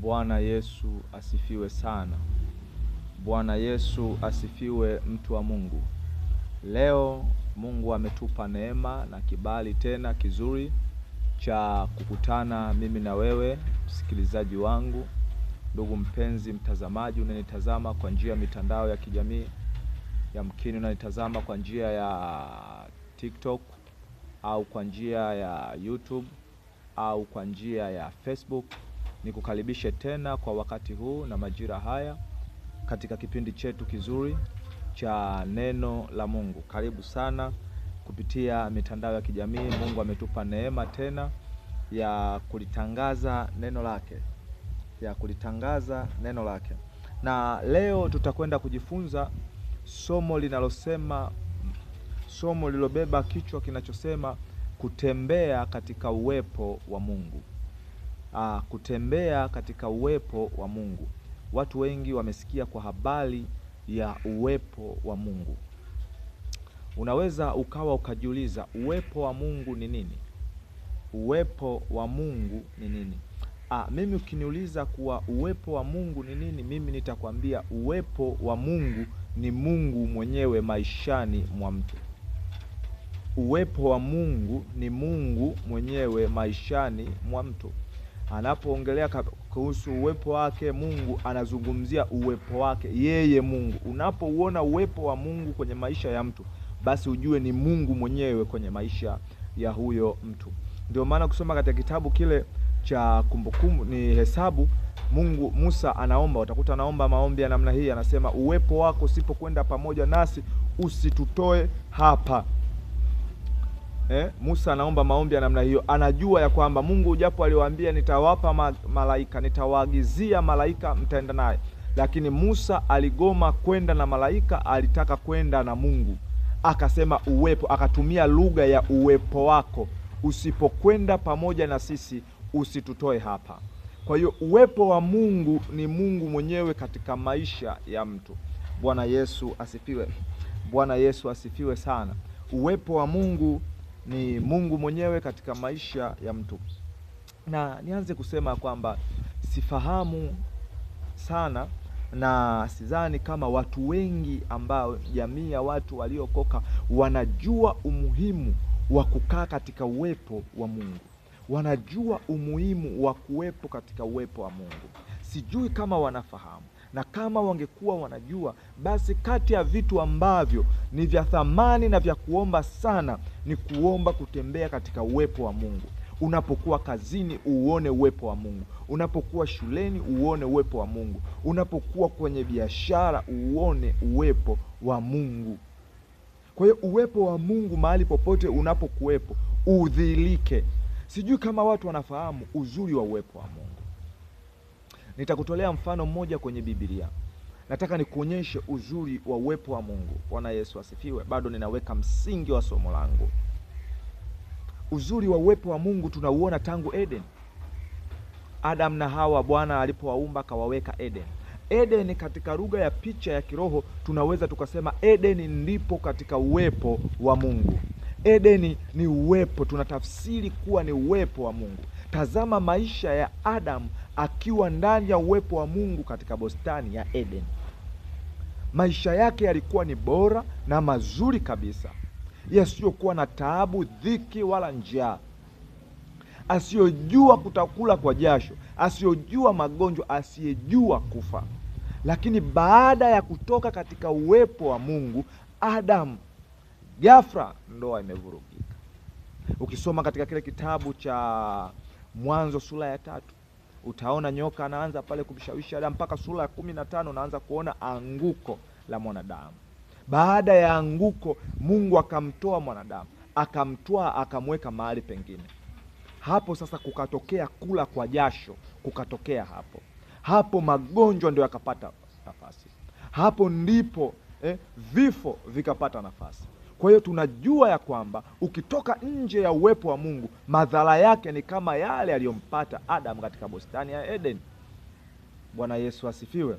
Bwana Yesu asifiwe sana. Bwana Yesu asifiwe, mtu wa Mungu. Leo Mungu ametupa neema na kibali tena kizuri cha kukutana mimi na wewe, msikilizaji wangu, ndugu mpenzi mtazamaji, unanitazama kwa njia ya mitandao ya kijamii, yamkini unanitazama kwa njia ya TikTok au kwa njia ya YouTube au kwa njia ya Facebook Nikukaribishe tena kwa wakati huu na majira haya katika kipindi chetu kizuri cha neno la Mungu. Karibu sana kupitia mitandao ya kijamii. Mungu ametupa neema tena ya kulitangaza neno lake, ya kulitangaza neno lake. Na leo tutakwenda kujifunza somo linalosema, somo lilobeba kichwa kinachosema kutembea katika uwepo wa Mungu uh, kutembea katika uwepo wa Mungu. Watu wengi wamesikia kwa habari ya uwepo wa Mungu. Unaweza ukawa ukajiuliza uwepo wa Mungu ni nini? Uwepo wa Mungu ni nini? Ah, mimi ukiniuliza kuwa uwepo wa Mungu ni nini, mimi nitakwambia uwepo wa Mungu ni Mungu mwenyewe maishani mwa mtu. Uwepo wa Mungu ni Mungu mwenyewe maishani mwa mtu anapoongelea kuhusu uwepo wake Mungu anazungumzia uwepo wake yeye Mungu. Unapouona uwepo wa Mungu kwenye maisha ya mtu, basi ujue ni Mungu mwenyewe kwenye maisha ya huyo mtu. Ndio maana kusoma katika kitabu kile cha Kumbukumbu ni Hesabu, Mungu Musa anaomba, utakuta anaomba maombi ya namna hii, anasema uwepo wako usipokwenda pamoja nasi usitutoe hapa eh, Musa anaomba maombi ya namna hiyo, anajua ya kwamba Mungu japo aliwaambia nitawapa ma malaika, nitawaagizia malaika mtaenda naye, lakini Musa aligoma kwenda na malaika, alitaka kwenda na Mungu. Akasema uwepo, akatumia lugha ya uwepo wako, usipokwenda pamoja na sisi usitutoe hapa. Kwa hiyo uwepo wa Mungu ni Mungu mwenyewe katika maisha ya mtu. Bwana Yesu asifiwe. Bwana Yesu asifiwe sana. Uwepo wa Mungu ni Mungu mwenyewe katika maisha ya mtu. Na nianze kusema kwamba sifahamu sana na sidhani kama watu wengi ambao jamii ya watu waliokoka wanajua umuhimu wa kukaa katika uwepo wa Mungu, wanajua umuhimu wa kuwepo katika uwepo wa Mungu. Sijui kama wanafahamu, na kama wangekuwa wanajua, basi kati ya vitu ambavyo ni vya thamani na vya kuomba sana ni kuomba kutembea katika uwepo wa Mungu. Unapokuwa kazini uone uwepo wa Mungu, unapokuwa shuleni uone uwepo wa Mungu, unapokuwa kwenye biashara uone uwepo wa Mungu. Kwa hiyo uwepo wa Mungu mahali popote unapokuwepo udhilike. Sijui kama watu wanafahamu uzuri wa uwepo wa Mungu. Nitakutolea mfano mmoja kwenye Biblia. Nataka nikuonyeshe uzuri wa uwepo wa Mungu. Bwana Yesu asifiwe. Bado ninaweka msingi wa somo langu. Uzuri wa uwepo wa Mungu tunauona tangu Eden. Adam na Hawa, Bwana alipowaumba akawaweka Eden. Eden katika lugha ya picha ya kiroho tunaweza tukasema Eden ndipo katika uwepo wa Mungu. Edeni ni uwepo, tunatafsiri kuwa ni uwepo wa Mungu. Tazama maisha ya Adamu akiwa ndani ya uwepo wa Mungu katika bustani ya Eden. Maisha yake yalikuwa ni bora na mazuri kabisa, yasiyokuwa na taabu, dhiki wala njaa, asiyojua kutakula kwa jasho, asiyojua magonjwa, asiyejua kufa. Lakini baada ya kutoka katika uwepo wa Mungu, Adamu ghafla ndoa imevurugika. Ukisoma katika kile kitabu cha Mwanzo sura ya tatu utaona nyoka anaanza pale kumshawishi Adamu mpaka sura ya kumi na tano unaanza kuona anguko la mwanadamu. Baada ya anguko, Mungu akamtoa mwanadamu, akamtwaa, akamweka mahali pengine. Hapo sasa kukatokea kula kwa jasho, kukatokea hapo hapo magonjwa ndio yakapata nafasi, hapo ndipo eh, vifo vikapata nafasi. Kwa hiyo tunajua ya kwamba ukitoka nje ya uwepo wa Mungu, madhara yake ni kama yale aliyompata Adamu katika bustani ya Eden. Bwana Yesu asifiwe.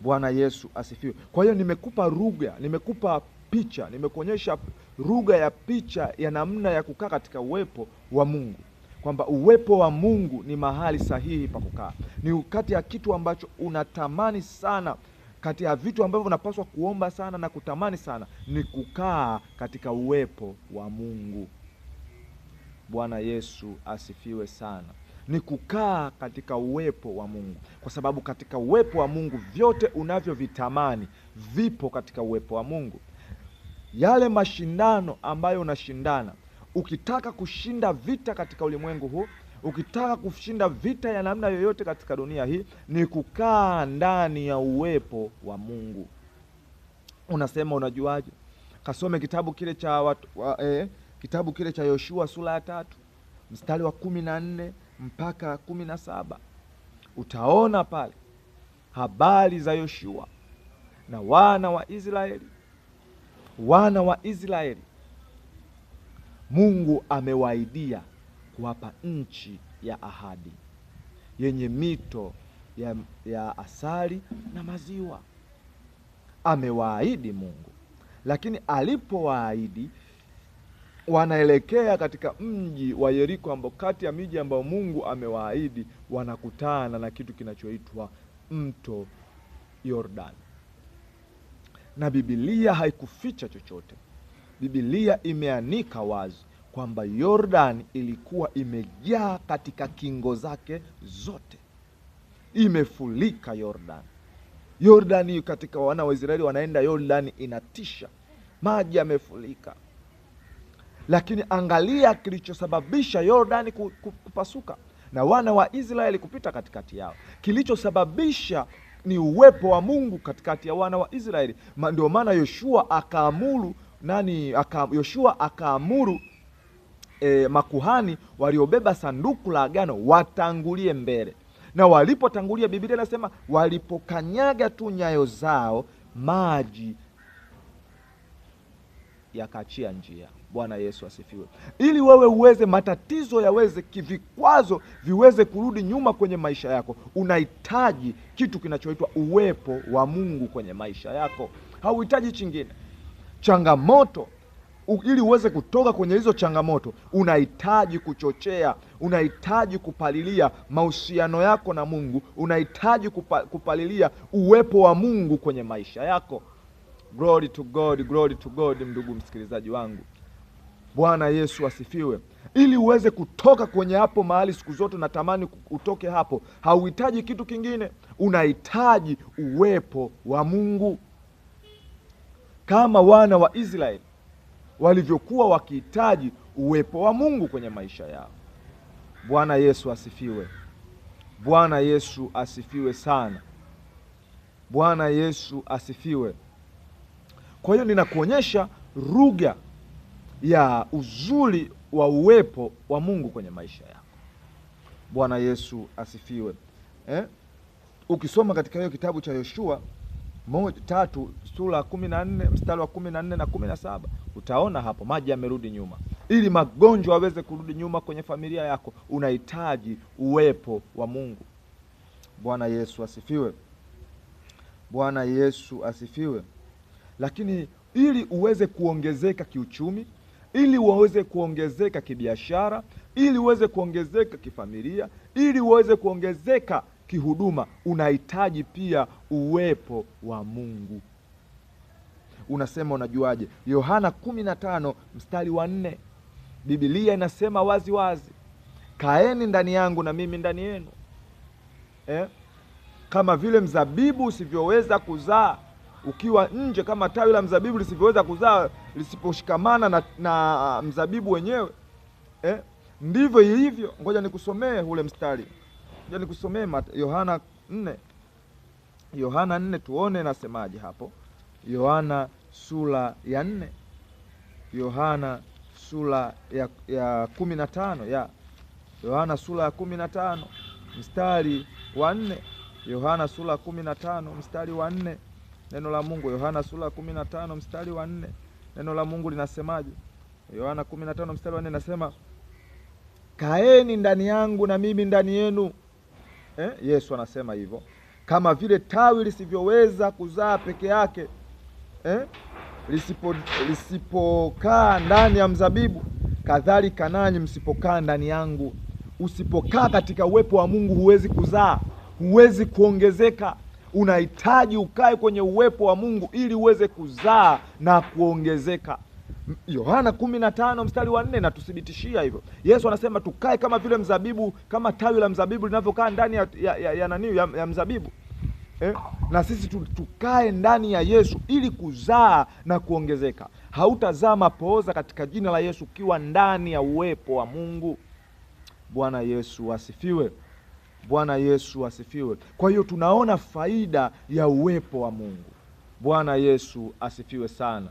Bwana Yesu asifiwe. Kwa hiyo nimekupa lugha, nimekupa picha, nimekuonyesha lugha ya picha ya namna ya kukaa katika uwepo wa Mungu, kwamba uwepo wa Mungu ni mahali sahihi pa kukaa, ni kati ya kitu ambacho unatamani sana kati ya vitu ambavyo unapaswa kuomba sana na kutamani sana ni kukaa katika uwepo wa Mungu. Bwana Yesu asifiwe sana. Ni kukaa katika uwepo wa Mungu, kwa sababu katika uwepo wa Mungu vyote unavyovitamani vipo katika uwepo wa Mungu. Yale mashindano ambayo unashindana, ukitaka kushinda vita katika ulimwengu huu Ukitaka kushinda vita ya namna yoyote katika dunia hii ni kukaa ndani ya uwepo wa Mungu. Unasema unajuaje? Kasome kitabu kile cha watu, wa, eh, kitabu kile cha Yoshua sura ya tatu mstari wa kumi na nne mpaka kumi na saba utaona pale habari za Yoshua na wana wa Israeli. Wana wa Israeli Mungu amewaidia kuwapa nchi ya ahadi yenye mito ya, ya asali na maziwa. Amewaahidi Mungu, lakini alipowaahidi wanaelekea katika mji wa Yeriko, ambao kati ya miji ambayo Mungu amewaahidi wanakutana na kitu kinachoitwa mto Yordani, na Biblia haikuficha chochote. Biblia imeanika wazi kwamba Yordani ilikuwa imejaa katika kingo zake zote, imefulika Yordani. Yordani katika wana wa Israeli wanaenda Yordani, inatisha, maji yamefulika. Lakini angalia kilichosababisha Yordani kupasuka na wana wa Israeli kupita katikati yao. Kilichosababisha ni uwepo wa Mungu katikati ya wana wa Israeli. Ndio maana Yoshua akaamuru nani aka, Yoshua akaamuru e, makuhani waliobeba sanduku la agano watangulie mbele, na walipotangulia, Biblia inasema walipokanyaga tu nyayo zao maji yakaachia njia. Bwana Yesu asifiwe. Ili wewe uweze, matatizo yaweze, kivikwazo viweze kurudi nyuma kwenye maisha yako, unahitaji kitu kinachoitwa uwepo wa Mungu kwenye maisha yako. Hauhitaji chingine. Changamoto ili uweze kutoka kwenye hizo changamoto, unahitaji kuchochea, unahitaji kupalilia mahusiano yako na Mungu, unahitaji kupa, kupalilia uwepo wa Mungu kwenye maisha yako. Glory to God, glory to God. Ndugu msikilizaji wangu, Bwana Yesu asifiwe. Ili uweze kutoka kwenye hapo mahali, siku zote natamani utoke hapo, hauhitaji kitu kingine, unahitaji uwepo wa Mungu. Kama wana wa Israeli walivyokuwa wakihitaji uwepo wa Mungu kwenye maisha yao. Bwana Yesu asifiwe. Bwana Yesu asifiwe sana. Bwana Yesu asifiwe. Kwa hiyo ninakuonyesha rugha ya uzuri wa uwepo wa Mungu kwenye maisha yako. Bwana Yesu asifiwe eh? Ukisoma katika hiyo kitabu cha Yoshua moja tatu sura kumi na nne mstari wa kumi na nne na kumi na saba utaona hapo maji yamerudi nyuma. Ili magonjwa aweze kurudi nyuma kwenye familia yako, unahitaji uwepo wa Mungu. Bwana Yesu asifiwe. Bwana Yesu asifiwe. Lakini ili uweze kuongezeka kiuchumi, ili uweze kuongezeka kibiashara, ili uweze kuongezeka kifamilia, ili uweze kuongezeka kihuduma unahitaji pia uwepo wa Mungu. Unasema unajuaje? Yohana 15 mstari wa nne, Biblia inasema wazi wazi, kaeni ndani yangu na mimi ndani yenu eh? Kama vile mzabibu usivyoweza kuzaa ukiwa nje, kama tawi la mzabibu lisivyoweza kuzaa lisiposhikamana na, na mzabibu wenyewe eh? Ndivyo ilivyo. Ngoja nikusomee ule mstari ja nikusomee Yohana nne Yohana nne tuone nasemaje hapo. Yohana sura ya nne Yohana sura ya, ya kumi na tano ya Yohana sura ya kumi na tano mstari wa nne Yohana sura kumi na tano mstari wa nne neno la Mungu. Yohana sura kumi na tano mstari wa nne neno la Mungu linasemaje? Yohana kumi na tano mstari wa nne nasema, kaeni ndani yangu na mimi ndani yenu eh? Yesu anasema hivyo, kama vile tawi lisivyoweza kuzaa peke yake eh? lisipo lisipokaa ndani ya mzabibu, kadhalika nanyi msipokaa ndani yangu. Usipokaa katika uwepo wa Mungu huwezi kuzaa, huwezi kuongezeka. Unahitaji ukae kwenye uwepo wa Mungu ili uweze kuzaa na kuongezeka. Yohana kumi na tano mstari wa nne natuthibitishia hivyo. Yesu anasema tukae kama vile mzabibu, kama tawi la mzabibu linavyokaa ndani ya, ya, ya, ya, nani, ya, ya mzabibu eh? Na sisi tukae ndani ya Yesu ili kuzaa na kuongezeka. Hautazaa mapooza katika jina la Yesu ukiwa ndani ya uwepo wa Mungu. Bwana Yesu asifiwe. Bwana Yesu asifiwe. Kwa hiyo tunaona faida ya uwepo wa Mungu. Bwana Yesu asifiwe sana.